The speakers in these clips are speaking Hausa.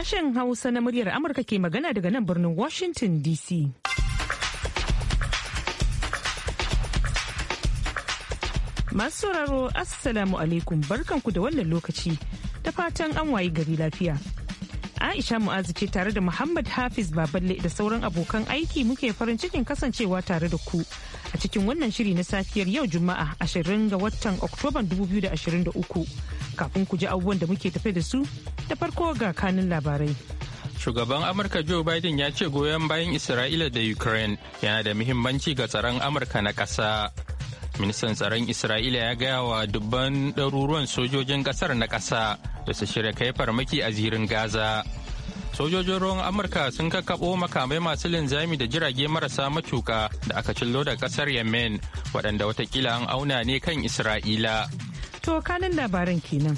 Sashen Hausa na muryar Amurka ke magana daga nan birnin Washington DC. Masu sauraro Assalamu alaikum barkanku da wannan lokaci ta fatan an wayi gari lafiya. Aisha Mu'azu ce tare da Muhammad Hafiz Baballe da sauran abokan aiki muke farin cikin kasancewa tare da ku a cikin wannan shiri na safiyar yau Juma'a ashirin ga watan Oktoban 2023 kafin ku ji abubuwan da muke tafe da su da farko ga kanin labarai. Shugaban Amurka Joe Biden ya ce goyon bayan Isra'ila da Ukraine yana da muhimmanci ga tsaron Amurka na ƙasa. Ministan tsaron Isra'ila ya gaya wa dubban ɗaruruwan sojojin ƙasar na ƙasa da su shirya kai farmaki a zirin Gaza. sojojin ruwan amurka sun kakkaɓo makamai masu linzami da jirage marasa matuka da aka cillo da ƙasar yemen waɗanda watakila an auna ne kan isra'ila to kanin labaran kenan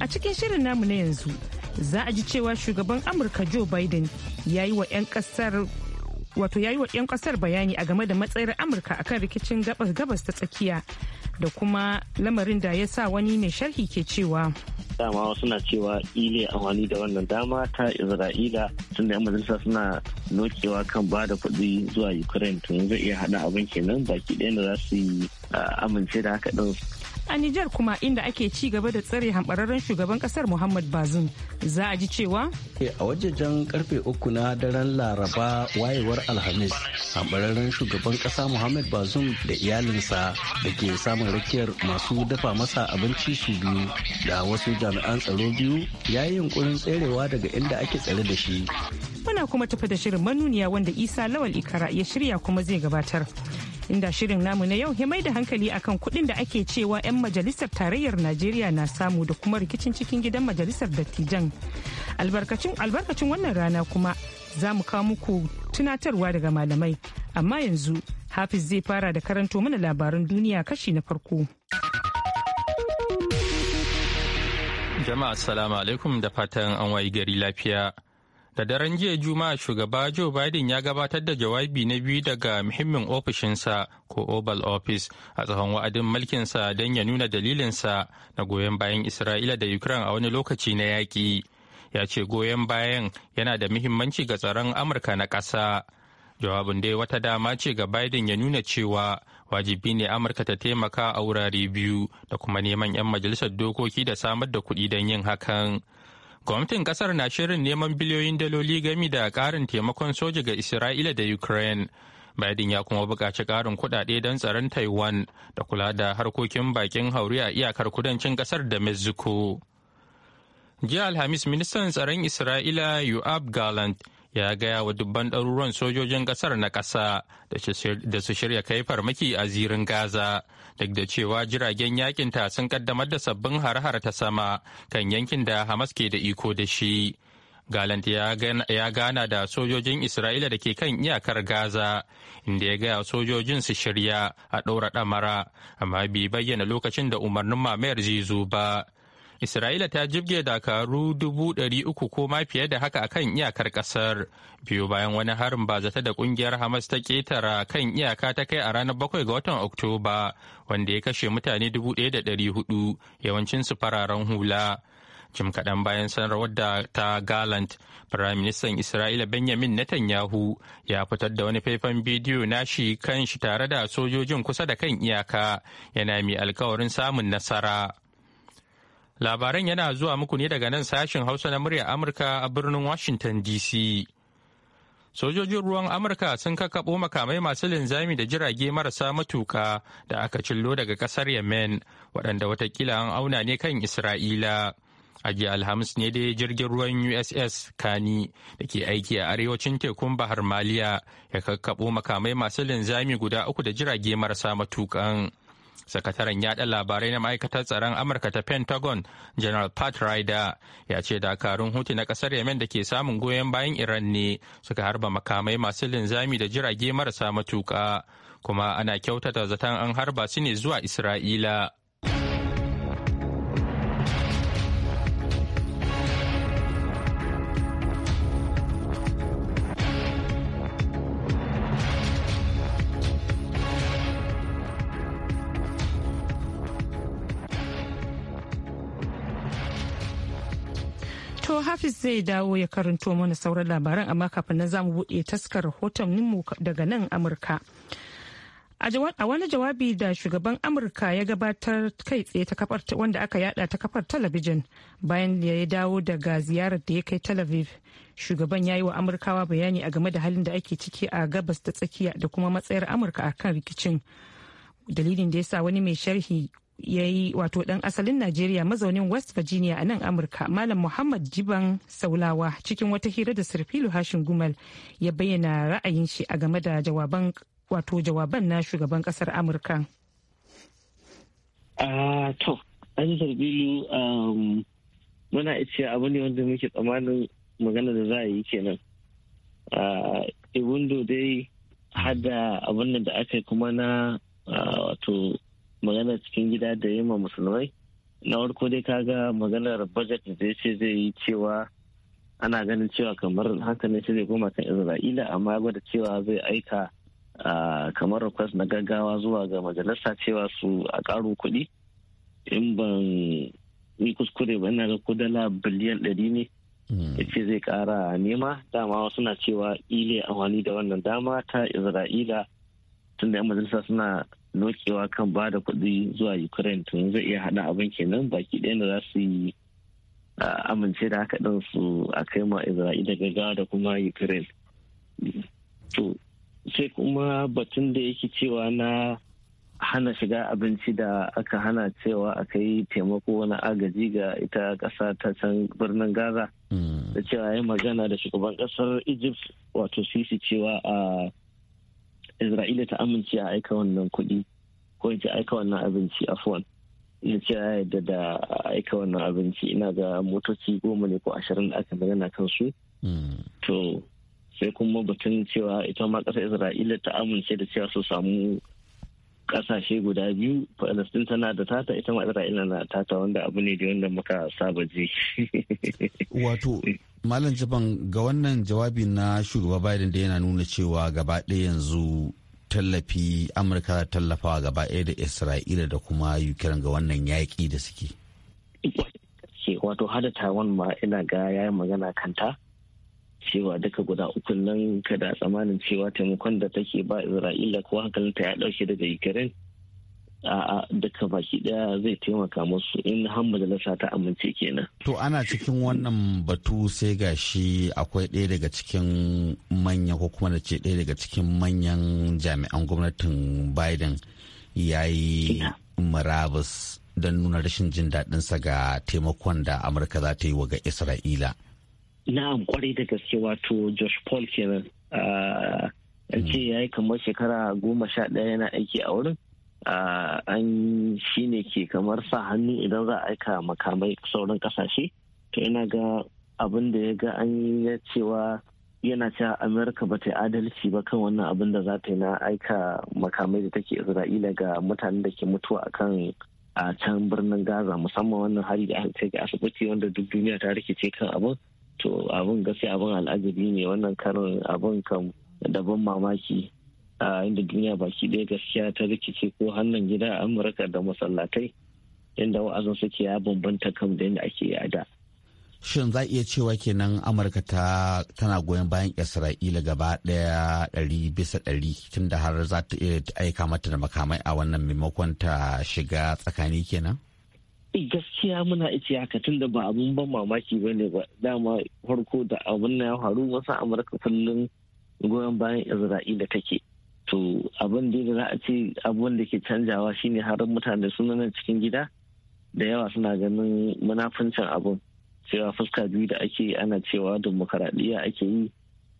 a cikin shirin namu na yanzu za a ji cewa shugaban amurka joe biden ya yi wa 'yan ƙasar wato ya wa 'yan bayani a game da matsayar amurka akan rikicin gabas ta tsakiya da kuma lamarin da ya sa wani mai sharhi ke cewa dama suna cewa ile amfani da wannan dama ta isra'ila tun da yan majalisa suna nokewa kan ba da kuɗi zuwa ukraine tun zai iya hada abin kenan baki ɗaya da za su yi amince da haka ɗin a Nijar kuma inda ake ci gaba da tsare hambararren shugaban kasar Muhammad Bazoum za a ji cewa eh, a wajejen karfe uku na daren Laraba wayewar Alhamis hambararren shugaban kasa Muhammad Bazoum da iyalinsa da ke samun rakiyar masu dafa masa abinci su biyu da wasu jami'an tsaro biyu ya yi yunkurin tserewa daga inda ake tsare da shi. Muna kuma tafi da shirin manuniya wanda Isa Lawal Ikara ya shirya kuma zai gabatar. inda shirin namu na yau ya mai da hankali akan kuɗin da ake cewa 'yan majalisar tarayyar najeriya na samu da kuma rikicin cikin gidan majalisar dattijan albarkacin wannan rana kuma za mu kawo muku tunatarwa daga malamai amma yanzu hafiz zai fara da karanto mana labaran duniya kashi na farko jama'a assalamu alaikum da fatan an wayi gari lafiya Da daren jiya Juma'a shugaba Joe Biden ya gabatar da jawabi na biyu daga muhimmin ofishinsa ko Oval Office a tsohon wa'adin mulkinsa don ya nuna dalilinsa na goyon bayan Isra'ila da Ukraine a wani lokaci na yaƙi. Ya ce goyon bayan yana da muhimmanci ga tsaron Amurka na ƙasa. Jawabin dai wata dama ce ga Biden ya nuna cewa wajibi ne Amurka ta taimaka a wurare biyu da kuma neman 'yan majalisar dokoki da samar da kuɗi don yin hakan. Gwamnatin kasar na shirin neman biliyoyin daloli gami da ƙarin taimakon soja ga Isra'ila da Ukraine. Biden ya kuma buƙaci ƙarin kuɗaɗe don tsaron Taiwan da kula da harkokin bakin hauri a iyakar kudancin ƙasar da Mexico. Jiya Alhamis ministan tsaron Isra'ila Yoav Gallant ya gaya wa dubban ɗaruruwan sojojin ƙasar na ƙasa da su shirya kai farmaki a zirin Gaza duk da cewa jiragen yakin ta sun kaddamar da sabbin har-har ta sama kan yankin da Hamas ke da iko da shi. Galant ya gana da sojojin Isra'ila da ke kan iyakar Gaza, inda ya gaya sojojin su shirya a ɗaura ɗamara, amma bai bayyana lokacin da umarnin mamayar zai zo ba. Isra'ila ta jibge dakaru dubu ɗari uku ko ma fiye da haka akan iyakar ƙasar biyu bayan wani harin ba zata da ƙungiyar Hamas ta ƙetara kan iyaka ta kai a ranar bakwai ga watan Oktoba wanda ya kashe mutane dubu ɗaya da ɗari hudu yawancinsu fararen hula. Jim kaɗan bayan sanarwar da ta Gallant, Firaministan Isra'ila Benjamin Netanyahu ya fitar da wani faifan bidiyo nashi kan shi tare da sojojin kusa da kan iyaka yana mai alkawarin samun nasara. Labaran yana zuwa muku ne daga nan sashen Hausa na muryar Amurka a birnin Washington DC. Sojojin ruwan Amurka sun kakaɓo makamai masu linzami da jirage marasa matuka da aka cillo daga ƙasar Yemen, waɗanda watakila an auna ne kan Isra'ila. a jiya alhamis ne dai jirgin ruwan uss kani da ke aiki a arewacin tekun bahar maliya ya kakkaɓo makamai masu linzami guda uku da jirage marasa matukan sakataren yaɗa labarai na ma'aikatar tsaron amurka ta pentagon general pat ryder ya ce dakarun hutu na kasar yemen da ke samun goyon bayan iran ne suka harba makamai masu linzami da jirage marasa matuƙa kuma ana kyautata zaton an harba su ne zuwa isra'ila Hafiz zai dawo ya karanto mana sauran labaran amma kafin nan zamu buɗe taskar mu daga nan Amurka. A wani jawabi da shugaban Amurka ya gabatar kai tsaye ta kafar wanda aka yada ta kafar talabijin bayan da ya dawo daga ziyarar da ya kai Tel Aviv. Shugaban ya yi wa Amurkawa bayani a game da halin da ake ciki a gabas da tsakiya da kuma matsayar Amurka a kan rikicin. Dalilin da ya sa wani mai sharhi ya yi wato dan asalin Najeriya mazaunin West Virginia a nan Amurka Malam Muhammad Jiban Saulawa cikin wata hira da Sirfilu Hashin Gumal ya bayyana ra'ayin shi a game da jawaban wato jawaban na shugaban kasar Amurka. Ah, to, an Sirfilu um, muna ce abu ne wanda muke tsammanin magana da za a yi kenan. Ah, Iwundo dai hada abin da aka yi kuma na ah, wato magana cikin gida da yamma musulmai na farko dai kaga maganar budget da ce zai yi cewa ana ganin cewa kamar ne shi zai koma kan isra'ila amma gwada cewa zai aika kamar request na gaggawa zuwa ga majalisa cewa su a karo kuɗi in ban yi kuskure ba ina ga kudala biliyan ɗari ne hmm. ya ce zai kara nema dama wasu na cewa ile amfani da wannan dama ta isra'ila tunda yan majalisa suna nokewa kan ba da kuɗi zuwa ukraine to zai iya hada abin kenan baki ɗaya da za su yi amince da haka ɗin su a kai ma isra'ila gaggawa da kuma ukraine to sai kuma batun da yake cewa na hana shiga abinci da aka hana cewa a kai taimako na agaji ga ita ƙasa ta can birnin gaza hmm. da cewa ya magana da shugaban ƙasar egypt wato sisi cewa a isra'ila ta amince a aika wannan kuɗi ko ce aika wannan abinci fon ya ce ya yadda da aika wannan abinci ina ga motoci goma ne ko ashirin da aka magana kan su hmm. to sai kuma batun cewa ita ma ƙasar isra'ila ta amince da cewa su samu kasashe guda biyu palestin tana da tata ita ma isra'ila na tata wanda abu ne da wanda muka saba je wato malam jaban ga wannan jawabi na shugaba biden da yana nuna cewa gaba ɗaya yanzu tallafi amurka tallafawa gaba ɗaya da isra'ila da kuma ukraine ga wannan yaƙi da suke wato hada taiwan ma ina ga yayin magana kanta cewa duka guda ukun nan kada tsamanin cewa taimakon da take ba isra'ila ko hankalinta ya dauke daga ukraine a'a duka baki daya zai taimaka musu in har majalisa ta amince kenan to ana cikin wannan batu sai gashi akwai ɗaya daga cikin manyan ko kuma da ce ɗaya daga cikin manyan jami'an gwamnatin biden ya yi murabus don nuna rashin jin daɗinsa ga taimakon da amurka za ta yi wa ga isra'ila na'am kwarai da gaske wato josh paul kenan ah, ce hmm. ya yi kamar shekara goma sha ɗaya yana aiki a wurin ah, an shi ne ke kamar sa hannu idan za a aika makamai sauran kasashe to yana ga abin da ya ga an yi cewa yana cewa amerika ba ta yi adalci ba kan wannan abin da za ta yi na aika makamai da take isra'ila ga mutanen da ke mutuwa a kan a ah, can birnin gaza musamman wannan hari da aka asibiti wanda duk duniya ta rikice kan abin to abin gaskiya abin al'ajabi ne wannan karin abin kan daban mamaki a inda duniya baki ɗaya gaskiya ta rikice ko hannun gida a amurka da masallatai inda wa'azin suke ya bambanta kan da yadda ake a da shin za iya cewa kenan amurka ta tana goyon bayan isra'ila gaba ɗaya ɗari bisa ɗari tun har za ta iya aika mata da makamai a wannan maimakon ta shiga tsakani kenan Eh, gaskiya muna ice haka tun da ba abun ban mamaki ba ne ba dama farko da abun na ya faru wasu amurka kullum goyon bayan isra'ila take to abin da za a ce abun da ke canjawa shine harin mutane suna nan cikin gida da yawa suna ganin munafuncin abun cewa fuska biyu da ake ana cewa demokaradiyya ake yi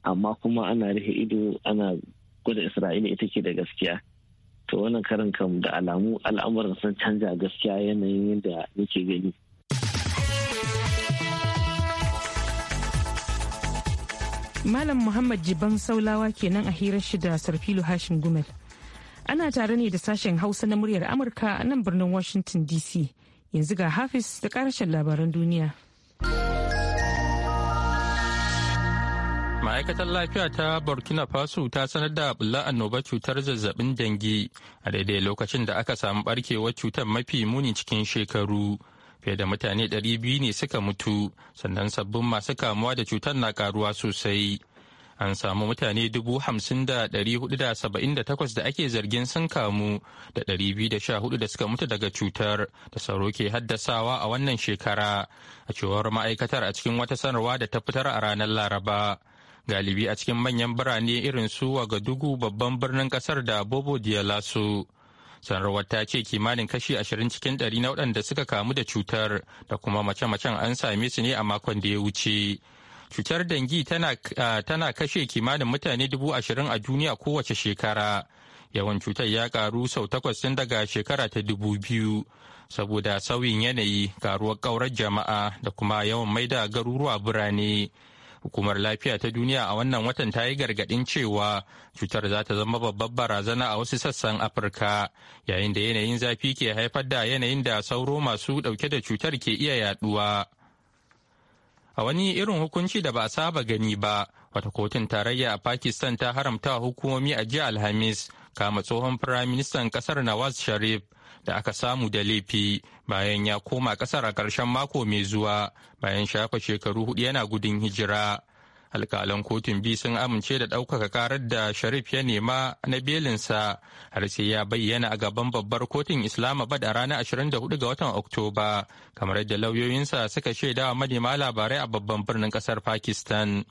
amma kuma ana rufe ido ana gwada isra'ila ita ke da gaskiya to wannan karin kam da alamu al'amuran sun canja gaskiya yanayin yadda nake gani Malam Muhammad Jiban Saulawa kenan a hirar shi da Sarfilu Hashim Gumel. Ana tare ne da sashen Hausa na muryar Amurka a nan birnin Washington DC. Yanzu ga Hafiz da karashen labaran duniya. ma'aikatar lafiya ta burkina faso ta sanar da bulla annoba cutar zazzabin dangi a daidai lokacin da aka samu barkewar cutar mafi muni cikin shekaru fiye da mutane 200 ne suka mutu sannan sabbin masu kamuwa da cutar na karuwa sosai an samu mutane 50,478 da ake zargin sun kamu da 214 da suka mutu daga cutar da sauro ke haddasawa a wannan shekara a cewar ma'aikatar a cikin wata sanarwa da ta fitar a ranar laraba galibi a cikin manyan birane irin su Wagadugu babban birnin kasar da Bobo Dioulasso. sanarwar ta ce kimanin kashi ashirin cikin ɗari na waɗanda suka kamu da cutar da kuma mace-macen an same su ne a makon da ya wuce. Cutar dangi tana kashe kimanin mutane dubu ashirin a duniya kowace shekara. Yawan cutar ya karu sau takwas tun daga shekara ta dubu biyu. Saboda sauyin yanayi, karuwar ƙaurar jama'a da kuma yawan maida garuruwa birane. Hukumar lafiya ta duniya a wannan watan ta yi gargadin cewa cutar za ta zama babbar barazana a wasu sassan Afirka yayin da yanayin zafi ke haifar da yanayin da sauro masu dauke da cutar ke iya yaduwa. A wani irin hukunci da ba a saba gani ba, wata kotun tarayya a Pakistan ta haramta hukumomi a jiya Alhamis kama tsohon firaministan kasar nawaz sharif da aka samu da laifi bayan ya koma kasar a karshen mako mai zuwa bayan shafa shekaru hudu yana gudun hijira alkalan kotun bi sun amince da ɗaukaka karar da sharif ya nema na belinsa har sai ya bayyana a gaban babbar kotun islamabad a ranar 24 ga watan oktoba kamar yadda lauyoyinsa suka shaidawa manema labarai a babban birnin ƙasar pakistan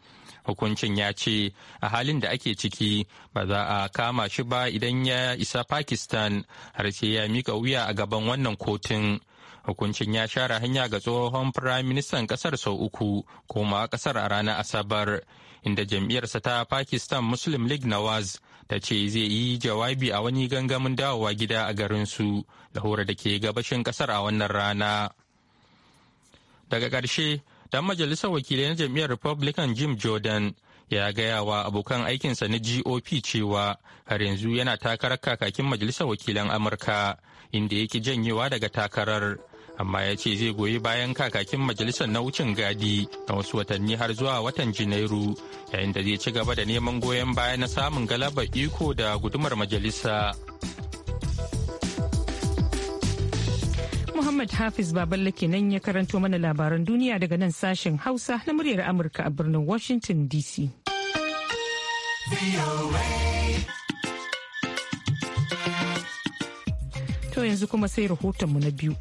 hukuncin ya ce a halin da ake ciki ba za a kama shi ba idan ya isa pakistan har sai ya mika wuya a gaban wannan kotun hukuncin ya share hanya ga tsohon firayim ministan kasar sau uku koma kasar a ranar asabar inda jam'iyyarsa ta pakistan muslim league nawaz ta ce zai yi jawabi a wani gangamin dawowa gida a garinsu lahore da ke gabashin kasar a wannan rana daga ƙarshe dan majalisar wakilai na jam'iyyar republican jim jordan ya gaya wa abokan aikinsa na gop cewa har yanzu yana takarar kakakin majalisar wakilan amurka inda yake janyewa daga takarar amma ya ce zai goyi bayan kakakin majalisar na wucin gadi na wasu watanni har zuwa watan janairu yayin da zai ci gaba da neman goyon baya na samun galabar iko da gudumar majalisa Muhammad Hafiz Baballe kenan ya karanto mana labaran duniya daga nan sashen Hausa na muryar Amurka a birnin Washington DC. To yanzu kuma sai rahotonmu na biyu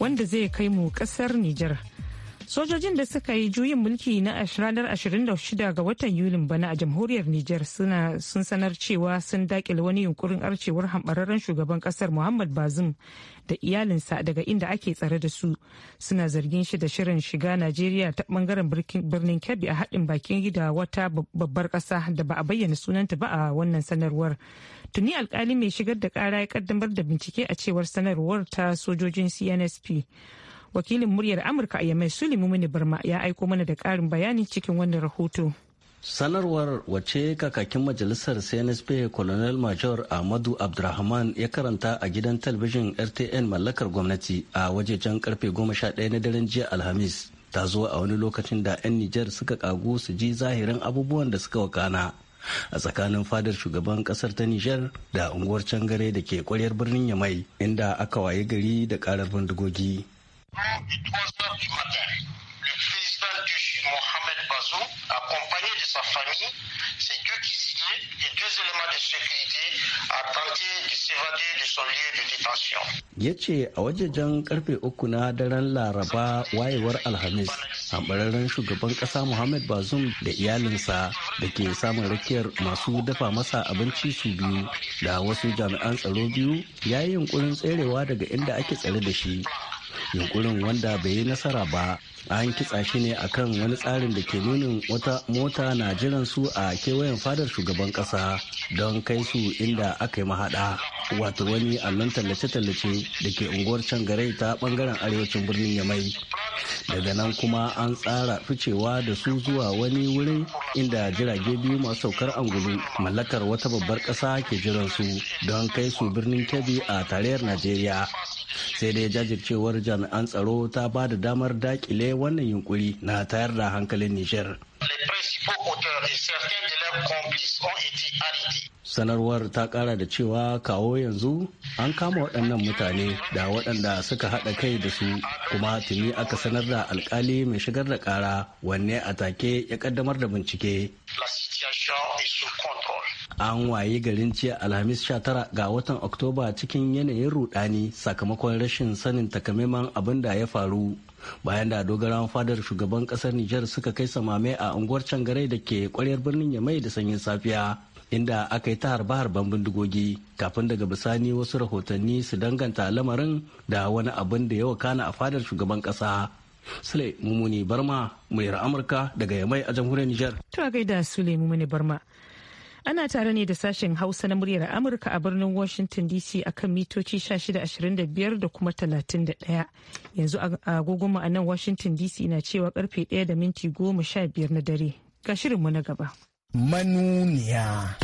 wanda zai kai mu kasar Nijar. Sojojin da suka yi juyin mulki na ranar 26 ga watan Yulin bana a jamhuriyar Nijar sun sanar cewa sun dakile wani yunkurin arcewar hambararren shugaban kasar Muhammad Bazum da iyalinsa daga inda ake tsare da su. Suna zargin shi da shirin shiga Najeriya ta bangaren birnin Kebbi a haɗin bakin gida wata babbar ƙasa da ba a bayyana sunanta ba a wannan sanarwar. Tuni alkali mai shigar da ƙara ya kaddamar da bincike a cewar sanarwar ta sojojin CNSP. wakilin muryar amurka a yamai sulimu mini barma ya aiko mana da karin bayani cikin wannan rahoto sanarwar wace kakakin majalisar cnsp colonel major ahmadu abdulrahman ya karanta a gidan talabijin rtn mallakar gwamnati a wajejen karfe 11 na daren jiya alhamis ta zo a wani lokacin da 'yan nijar suka kagu su ji zahirin abubuwan da suka wakana a tsakanin fadar shugaban kasar ta nijar da unguwar cangare da ke kwaryar birnin yamai inda aka waye gari da karar bindigogi it was not immortel. Le président du Mohamed Bazoum, accompagné de sa famille, ses deux cuisiniers et deux éléments de sécurité, a tenté de s'évader de son lieu de détention. Ya ce a wajejen karfe uku na daren Laraba wayewar Alhamis, hambararren shugaban kasa Muhammad bazum da iyalinsa da ke samun rakiyar masu dafa masa abinci su biyu da wasu jami'an tsaro biyu ya yi yunkurin tserewa daga inda ake tsare da shi yunkurin wanda bai yi nasara ba an kitsa shi ne akan wani tsarin da ke nunin wata mota na jiran su a kewayen fadar shugaban kasa don kai su inda aka yi mahaɗa, wato wani allon tallace-tallace da ke unguwar can garai ta bangaren arewacin birnin yamai daga nan kuma an tsara ficewa da su zuwa wani wurin inda jirage biyu masu saukar angulu mallakar wata babbar kasa ke jiran su don kai su birnin kebbi a tarayyar najeriya sai dai jajircewar jami'an tsaro ta ba da damar dakile yi wannan yunkuri na tayar da hankalin Nijar. Sanarwar ta kara da cewa kawo yanzu an kama waɗannan mutane da waɗanda suka haɗa kai da su kuma tuni aka sanar da alkali mai shigar da ƙara wanne a take ya ƙaddamar da bincike. La an waye garin ce alhamis 19 ga watan oktoba cikin yanayin rudani sakamakon rashin sanin takamaiman abin da ya faru bayan da dogaran fadar shugaban kasar Nijar suka kai samame a unguwar cangarai da ke kwaryar birnin yamai da sanyin safiya inda aka yi ta harbe-harben bindigogi kafin daga bisani wasu rahotanni su danganta lamarin da wani abin da ya wakana a fadar shugaban kasa sule mumuni barma muryar amurka daga yamai a jamhuriyar Nijar. to gaida sule mumuni barma Ana tare ne da sashen Hausa na muryar Amurka a birnin Washington DC a kan mitoci 1625 da kuma 31. Yanzu agogonmu a nan Washington DC na cewa karfe 1 da minti 15 na dare. Ga shirinmu na gaba. Manuniya.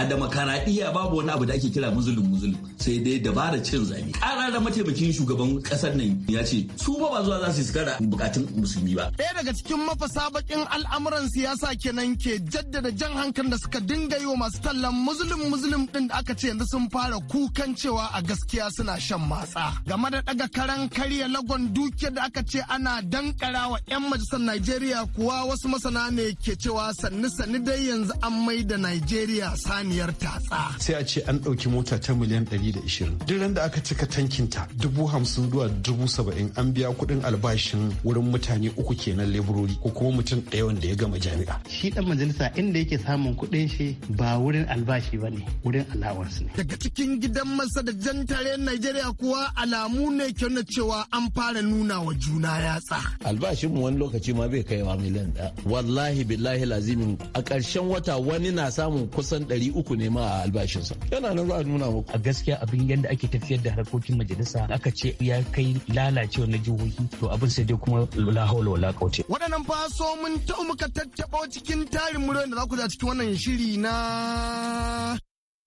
a demokaradiyya babu wani abu da ake kira muzulun muzulun sai dai dabara cin zabe ƙara da mataimakin shugaban ƙasar nan ya ce su ba zuwa za su kara bukatun musulmi ba ɗaya daga cikin mafasa bakin al'amuran siyasa kenan ke jaddada jan hankali da suka dinga yi wa masu tallan muzulun muzulun din da aka ce yanzu sun fara kukan cewa a gaskiya suna shan matsa game da daga karan karya lagon duke da aka ce ana dankara wa 'yan majalisar Najeriya kuwa wasu masana ne ke cewa sanni sanni dai yanzu an mai da Najeriya sani mutuniyar tatsa sai a ce an ɗauki mota ta miliyan 120 duk ran da aka cika tankinta dubu hamsin zuwa dubu saba'in an biya kuɗin albashin wurin mutane uku kenan leburori ko kuma mutum ɗaya wanda ya gama jami'a shi dan majalisa inda yake samun kuɗin shi ba wurin albashi ba wurin allowance ne daga cikin gidan masa da jan tare Najeriya kuwa alamu ne ke nuna cewa an fara nuna wa juna yatsa albashin mu wani lokaci ma bai kaiwa miliyan ɗaya wallahi billahi lazimin a ƙarshen wata wani na samun kusan ɗari uku ne ma a albashinsa yana nan za nuna muku a gaskiya abin yadda ake tafiyar da harkokin majalisa aka ce ya kai lalacewa na jihohi to abin sai dai kuma lahaula wala kauce waɗannan fa so mun ta muka tattaɓa cikin tarin muryoyin da za ku cikin wannan shiri na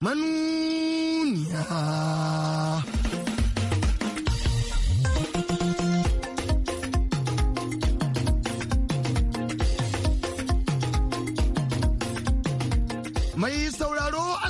manuniya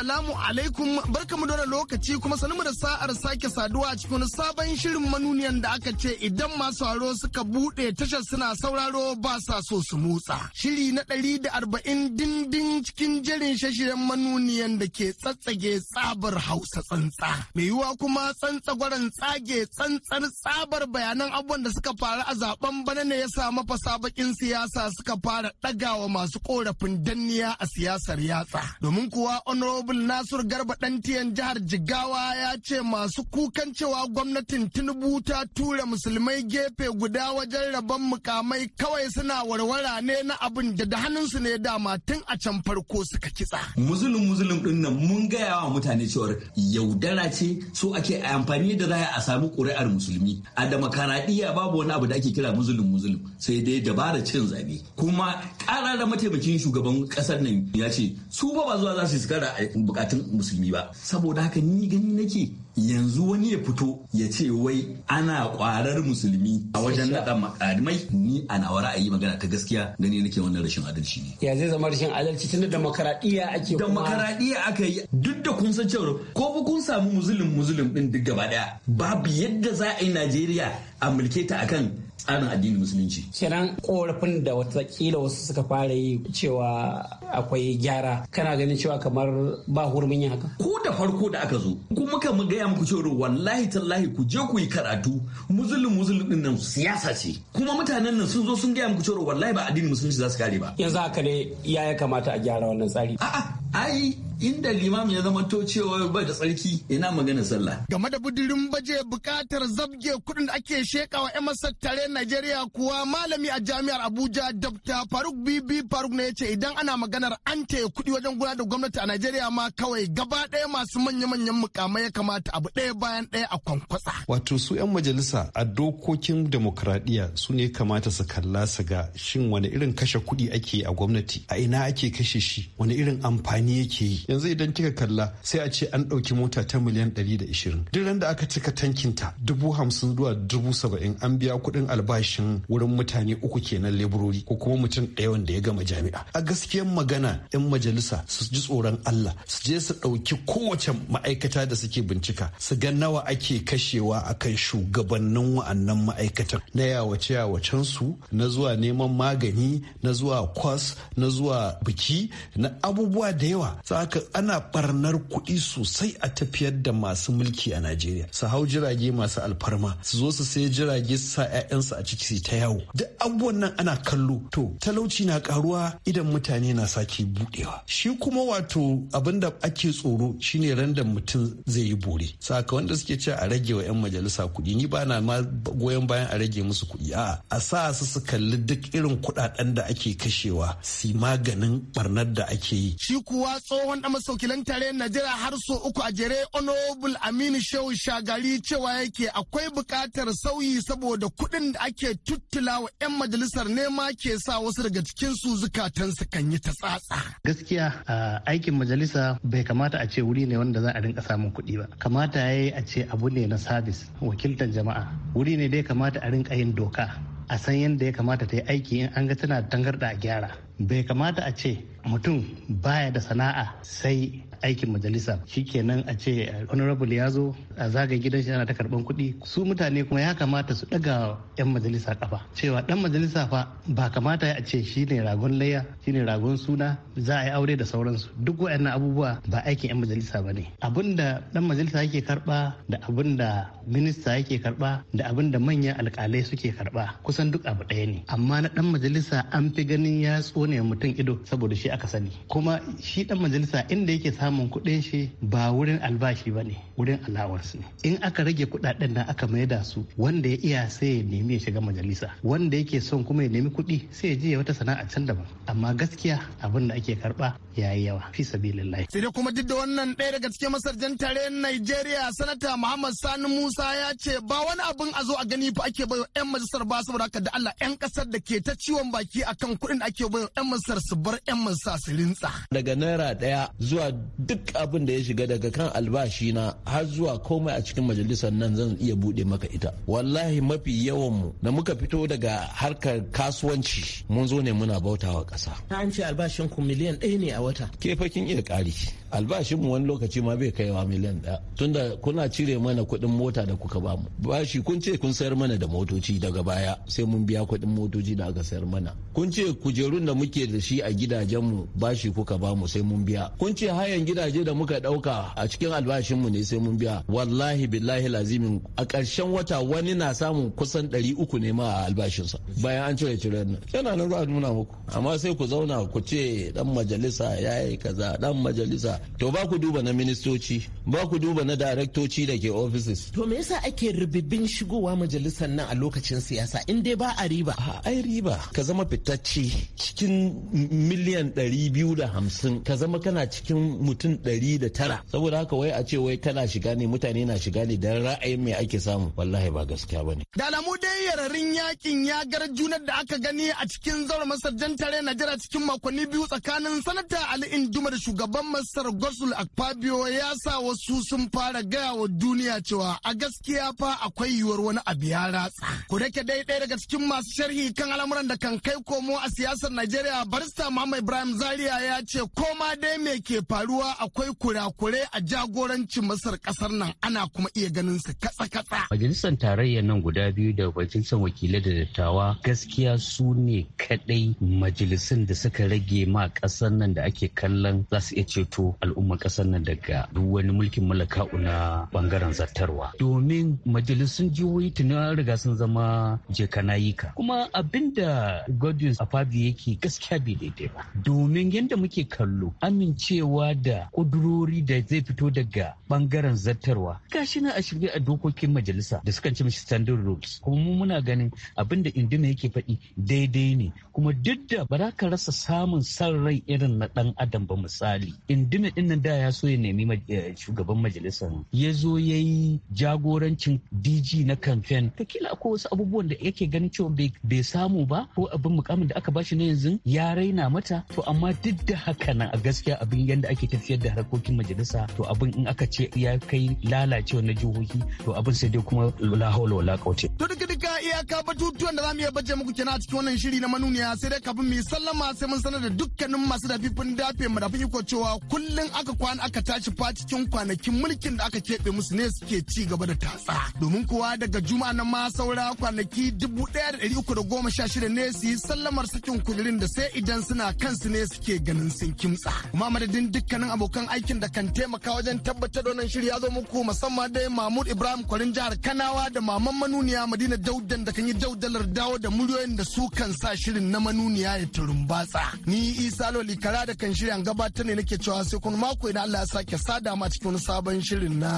Assalamu alaikum barkamu da lokaci kuma sanmu da sa'ar sake saduwa a cikin sabon shirin manuniyan da aka ce idan masu haro suka buɗe tashar suna sauraro ba sa so su motsa. Shiri na ɗari da arba'in dindin cikin jerin shashiren manuniyan da ke tsatsage tsabar hausa tsantsa. Mai yiwuwa kuma tsantsa gwaran tsage tsantsar tsabar bayanan abubuwan da suka faru a zaben bana ne ya sa mafasa bakin siyasa suka fara ɗagawa masu korafin danniya a siyasar yatsa. Domin kuwa honorable honorable nasur garba ɗantiyan jihar jigawa ya ce masu kukan cewa gwamnatin tinubu ta tura musulmai gefe guda wajen rabon mukamai kawai suna warwara ne na abin da da hannunsu ne dama tun a can farko suka kitsa muzulun muzulun din nan mun gaya wa mutane cewar yaudara ce so ake amfani da za a samu ƙuri'ar musulmi a demokaradiyya babu wani abu da ake kira muzulun muzulun sai dai dabara cin zabe kuma ƙara da mataimakin shugaban ƙasar nan ya ce su ba ba zuwa za su kara bukatun musulmi ba saboda haka ni gani nake yanzu wani ya fito ya ce wai ana kwarar musulmi a wajen naɗa makarmai ni a nawa ra'ayi magana ta gaskiya gani nake wannan rashin adalci ne ya zai zama rashin adalci tunda demokaradiyya ake kuma demokaradiyya aka yi duk da kun san cewa ko fa kun samu muzulun muzulun din duk gaba daya babu yadda za a yi Najeriya a mulke ta akan tsarin addinin musulunci. Kiran korafin da watakila wasu suka fara yi cewa akwai gyara kana ganin cewa kamar ba hurumin haka. Ko da farko da aka zo ko muka mu gaya muku cewa wallahi tallahi ku je ku yi karatu musulun musulun din nan siyasa ce kuma mutanen nan sun zo sun gaya muku cewa wallahi ba addinin musulunci za su kare ba. Yanzu haka ne ya ya kamata a gyara wannan tsari. A'a ai inda limam ya zama to cewa ba da tsarki ina magana sallah game da budurin baje bukatar zabge kudin da ake shekawa yan masar Najeriya kuwa malami a jami'ar Abuja Dr. Faruk Bibi Faruk ne yace idan ana maganar an taya kudi wajen gudanar da gwamnati a Najeriya ma kawai gaba ɗaya masu manya-manyan mukamai ya kamata abu ɗaya bayan ɗaya a kwankwasa wato su yan majalisa a dokokin demokradiya su ne kamata su kalla su ga shin wani irin kashe kudi ake a gwamnati a ina ake kashe shi wani irin amfani yake yi yanzu idan kika kalla sai a ce an ɗauki mota ta miliyan 120 duk da aka cika tankin ta dubu hamsin zuwa dubu saba'in an biya kuɗin albashin wurin mutane uku kenan leburori ko kuma mutum ɗaya wanda ya gama jami'a a gaskiyar magana 'yan majalisa su ji tsoron Allah su je su ɗauki kowace ma'aikata da suke bincika su ga nawa ake kashewa akan shugabannin wa'annan ma'aikatan na yawace yawacen su na zuwa neman magani na zuwa kwas na zuwa biki na abubuwa da yawa za ka ana barnar kuɗi sosai a tafiyar da masu mulki a najeriya su hau jirage masu alfarma su zo su sai jirage su sa 'ya'yansu a ciki ta yawo duk abubuwan nan ana kallo to talauci na karuwa idan mutane na sake budewa shi kuma wato abin da ake tsoro shine randa mutum zai yi bore saka wanda suke cewa a rage wa 'yan majalisa kuɗi ni bana ma goyon bayan a rage musu kuɗi a a sa su su kalli duk irin kuɗaɗen da ake kashewa si maganin barnar da ake yi shi kuwa tsohon maso kilan tare Najeriya har so uku a jere Honorable Aminu Shehu Shagari cewa yake akwai bukatar sauyi saboda kuɗin da ake tuttula wa 'yan majalisar nema ke sa wasu daga cikin su zukatan su kan yi ta tsatsa. Gaskiya aikin majalisa bai kamata a ce wuri ne wanda za a rinka samun kuɗi ba. Kamata ya yi a ce abu ne na sabis wakiltar jama'a. Wuri ne dai kamata a rinka yin doka. a san yadda ya kamata ta yi aiki in an ga tana tangarda a gyara bai kamata a ce mutum baya da sana'a sai aikin majalisa shi shikenan a ce eh, honorable ya zo a zaga gidan shi yana ta karban kuɗi su mutane kuma ya kamata su daga yan majalisa kafa cewa dan majalisa fa ba kamata a ce shi ne ragon layya ne ragon suna za a yi aure da sauransu duk waɗannan abubuwa ba aikin yan majalisa ba ne abinda dan majalisa yake karba da abinda minista yake karba da abinda manyan alkalai suke karba kusan duk abu ɗaya ne amma na dan majalisa an fi ganin ya tsone mutum ido saboda shi aka sani kuma shi dan majalisa inda yake samu. samun kuɗin shi ba wurin albashi ba ne wurin alawarsu ne in aka rage kuɗaɗen nan aka maida su wanda ya iya sai ya nemi ya shiga majalisa wanda yake son kuma ya nemi kuɗi sai ya je ya wata sana'a can daban amma gaskiya abin da ake karba yayi yawa fi sabilillahi sai dai kuma duk da wannan ɗaya daga cikin masarjan tare Najeriya sanata Muhammad Sani Musa ya ce ba wani abin a zo a gani fa ake bayo 'yan majalisar ba saboda haka da Allah 'yan kasar da ke ta ciwon baki akan kuɗin ake bayo 'yan majalisar su bar 'yan majalisar su rintsa daga naira ɗaya zuwa duk abin da ya shiga daga kan albashi na har zuwa komai a cikin majalisar nan zan iya bude maka ita wallahi mafi yawan mu da muka fito daga harkar kasuwanci mun zo ne muna bautawa ta an ce albashin ku miliyan ɗaya ne a wata ke fakin iya ƙari albashin mu wani lokaci ma bai kaiwa miliyan ɗaya tunda kuna cire mana kuɗin mota da kuka bamu bashi kun ce kun sayar mana da motoci daga baya sai mun biya kuɗin motoci da aka sayar mana kun ce kujerun da muke da shi a gidajenmu bashi kuka bamu sai mun biya kun ce hayan gidaje da muka dauka a cikin albashinmu ne sai mun biya wallahi billahi lazimin a ƙarshen wata wani na samun kusan ɗari uku ne ma a albashinsa bayan an cire cire nan yana nan za nuna muku amma sai ku zauna ku ce dan majalisa ya yi kaza dan majalisa to ba ku duba na ministoci ba ku duba na daraktoci da ke offices to me yasa ake rububin shigowa majalisar nan a lokacin siyasa in dai ba a riba ai riba ka zama fitacce cikin miliyan ɗari biyu da hamsin ka zama kana cikin mutum mutum ɗari da tara saboda haka wai a ce wai kana shiga ne mutane na shiga ne dan ra'ayin mai ake samu wallahi ba gaskiya bane da alamu dai yararin yakin ya junar da aka gani a cikin zaura masar tare najeriya cikin makonni biyu tsakanin sanata ali induma da shugaban masar gosul akpabio ya sa wasu sun fara gaya wa duniya cewa a gaskiya fa akwai yiwuwar wani abu ya ratsa ku dake dai ɗaya daga cikin masu sharhi kan al'amuran da kan kai komo a siyasar najeriya barista muhammad ibrahim zaria ya ce koma dai me ke faruwa akwai kurakure a jagorancin masar kasar nan ana kuma iya ganin su katsa-katsa. Majalisar tarayyar nan guda biyu da majalisar wakilai da dattawa gaskiya su ne kadai majalisun da suka rage ma kasar nan da ake kallon za su iya ceto al'ummar kasar nan daga duk wani mulkin mallaka. na bangaren zartarwa. Domin majalisun jihohi tuni riga sun zama jekanayika. Kuma abinda Godwin Afabi yake gaskiya bai daidai ba. Domin yadda muke kallo amincewa da da kudurori da zai fito daga bangaren zartarwa gashi na a shirye a dokokin majalisa da sukan ci mishi standard rules kuma mu muna ganin abin da indima yake faɗi daidai ne kuma duk da ba za ka rasa samun san rai irin na ɗan adam ba misali indima ɗin nan da ya so ya nemi eh, shugaban majalisa ya zo ya yi jagorancin dg na kamfen ta kila akwai wasu abubuwan da yake ganin cewa bai samu ba ko abin mukamin da aka bashi na yanzu ya raina mata to amma duk da haka nan a gaskiya abin yadda ake ta tafiyar da harkokin majalisa to abin in aka ce ya kai lalacewa na jihohi to abin sai dai kuma la wala kauce to duka duka iyaka batutuwan da zamu iya bace muku kenan a cikin wannan shiri na manuniya sai dai kafin mu sallama sai mun sanar da dukkanin masu dafifin dafe mu dafi iko cewa kullun aka kwana aka tashi fa cikin kwanakin mulkin da aka keɓe musu ne suke ci gaba da tatsa domin kuwa daga juma'a na ma saura kwanaki dubu ɗaya da ɗari uku da goma sha shida ne su yi sallamar sakin kudirin da sai idan suna kansu ne suke ganin sun kimtsa kuma madadin dukkanin abokan aikin da kan taimaka wajen tabbatar da wannan shiri ya zo muku musamman dai Mahmud Ibrahim Kwarin jihar Kanawa da Maman Manuniya Madina Daudan da kan yi daudalar dawo da muryoyin da su kan sa shirin na Manuniya ya turumbatsa. Ni Isa Loli Kara da kan shirya gabatar ne nake cewa sai kun mako idan Allah ya sake sada ma cikin sabon shirin na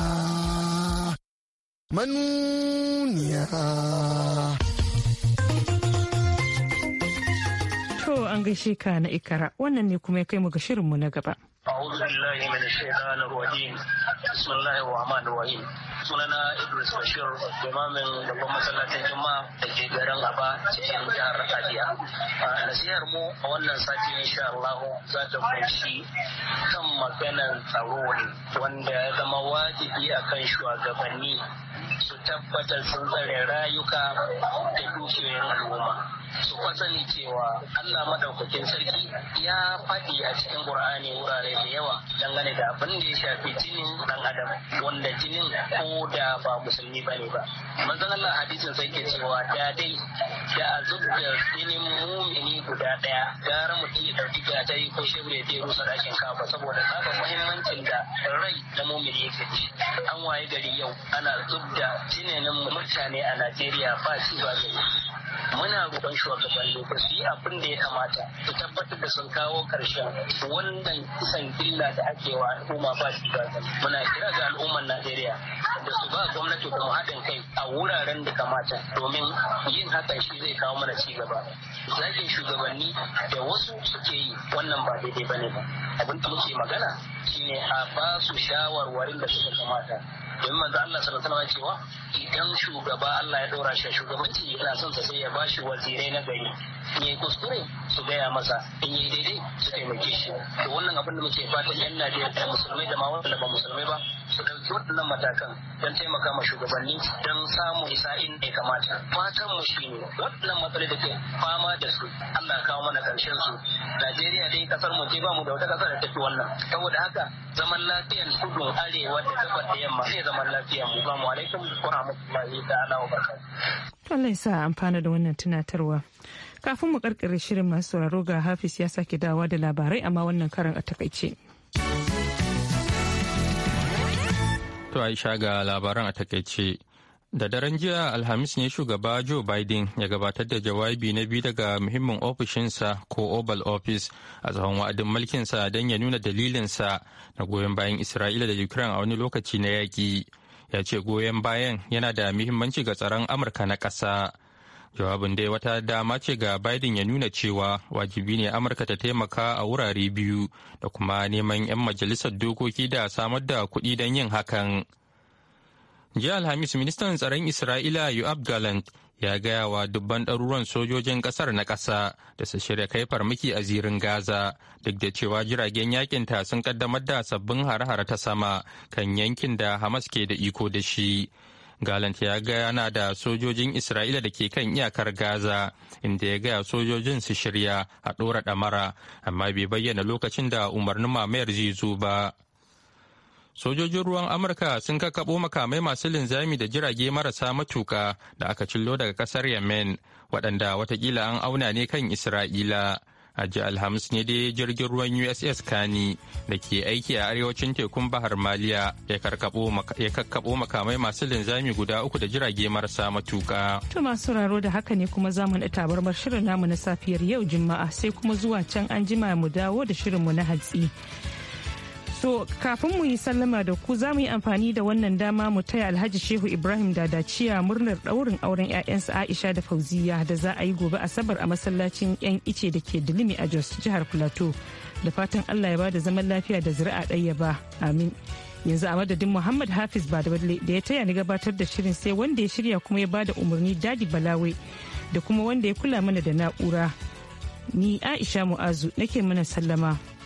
Manuniya. an gaishe ka na ikara wannan ne kuma ya kai mu ga shirinmu na gaba. أعوذ بالله من sunana Idris Bashir limamin babban masallacin Juma'a da ke garin Aba cikin jihar Hadiya. Nasihar mu a wannan sati insha Allah za ta kunshi kan maganan tsaro ne wanda ya zama wajibi akan shugabanni su tabbatar sun tsare rayuka da dukiyoyin al'umma. su fa sani cewa Allah madaukakin sarki ya faɗi a cikin Qur'ani wurare da yawa dangane da abin da ya shafi jinin dan adam wanda jinin ko da ba musulmi bane ba manzon Allah hadisin sai ke cewa da dai da azub jinin mumini guda daya gara mutum ya dauki gatari ko shebre ya rusa dakin kafa saboda tsaba muhimmancin da rai da mumini yake ci an waye gari yau ana zubda da jinin mutane a Najeriya ba shi ba ne. muna roƙon shugabanni ku su yi abin da ya kamata su tabbatar da sun kawo ƙarshen wannan kisan gilla da ake wa al'umma ba su ba muna kira ga al'ummar najeriya da su ba gwamnati da haɗin kai a wuraren da kamata domin yin hakan shi zai kawo mana ci gaba zagin shugabanni da wasu suke yi wannan ba daidai ba ne ba abin da muke magana shine a ba su shawarwarin da suka kamata domin manzo Allah sallallahu alaihi cewa idan shugaba Allah ya dora shi shugabanci yana son sa sai ya shi wazirai na gari in yi kuskure su gaya masa in yi daidai su taimake shi to wannan abin da muke fatan yan Najeriya da musulmai da ma wanda ba musulmai ba su ɗauki waɗannan matakan don taimaka ma shugabanni don samun isa'in in ya kamata fatan mu shi ne wannan matsalar da ke fama da su Allah kawo mana karshen su Najeriya dai kasar mu ce ba mu da wata kasar da tafi wannan saboda haka zaman lafiyar kudu arewa da gabar da yamma zai zaman lafiyar mu ba mu alaikum wa rahmatullahi ta'ala wa barakatuh Allah sa amfana da wannan tunatarwa kafin mu karkare shirin masu sauraro ga Hafiz ya sake dawa da labarai amma wannan karan a takaice. To Aisha ga labaran a takaice. Da daren jiya Alhamis ne shugaba Joe Biden ya gabatar da jawabi na biyu daga muhimmin ofishinsa ko Oval Office a tsawon wa'adin mulkinsa don ya nuna dalilinsa na goyon bayan Isra'ila da Ukraine a wani lokaci na yaƙi. Ya ce goyon bayan yana da muhimmanci ga tsaron Amurka na ƙasa. Jawabin dai wata dama ce ga Biden ya nuna cewa wajibi ne Amurka ta taimaka a wurare biyu da kuma neman 'yan majalisar dokoki da samar da kuɗi don yin hakan. Jiya Alhamis ministan tsaron Isra'ila Yoav Gallant ya gaya wa dubban ɗaruruwan sojojin ƙasar na ƙasa da su shirya kai farmaki a zirin Gaza duk da cewa jiragen yakin ta sun kaddamar da sabbin har hare ta sama kan yankin da Hamas ke da iko da shi. Galant ya na da sojojin Isra'ila da ke kan iyakar Gaza, inda ya gaya sojojin su shirya a ɗora ɗamara, amma bai bayyana lokacin da umarnin mamayar zizu ba. Sojojin ruwan Amurka sun kakkaɓo makamai masu linzami da jirage marasa matuka da aka cillo daga ƙasar Yemen, waɗanda watakila an auna ne kan Isra'ila. a ji alhamis ne dai jirgin ruwan uss kani da ke aiki a arewacin tekun bahar maliya ya kakkabo makamai masu linzami guda uku da jirage marasa matuka to masu raro da haka ne kuma zamu da tabarmar shirin namu na safiyar yau juma'a sai kuma zuwa can an jima mu dawo da shirin mu na hatsi To kafin mu yi sallama da ku za mu yi amfani da wannan dama mu taya Alhaji Shehu Ibrahim Dadaciya murnar daurin auren 'ya'yansa Aisha da Fauziya da za a yi gobe Asabar a masallacin 'yan ice da ke Dilimi a Jos jihar Plateau. Da fatan Allah ya bada zaman lafiya da zuri'a ɗaya ba. Amin. Yanzu a madadin Muhammad Hafiz badaballe da ya taya ni gabatar da shirin sai wanda ya shirya kuma ya bada umarni Dadi Balawe da kuma wanda ya kula mana da na'ura. Ni Aisha Mu'azu nake mana sallama.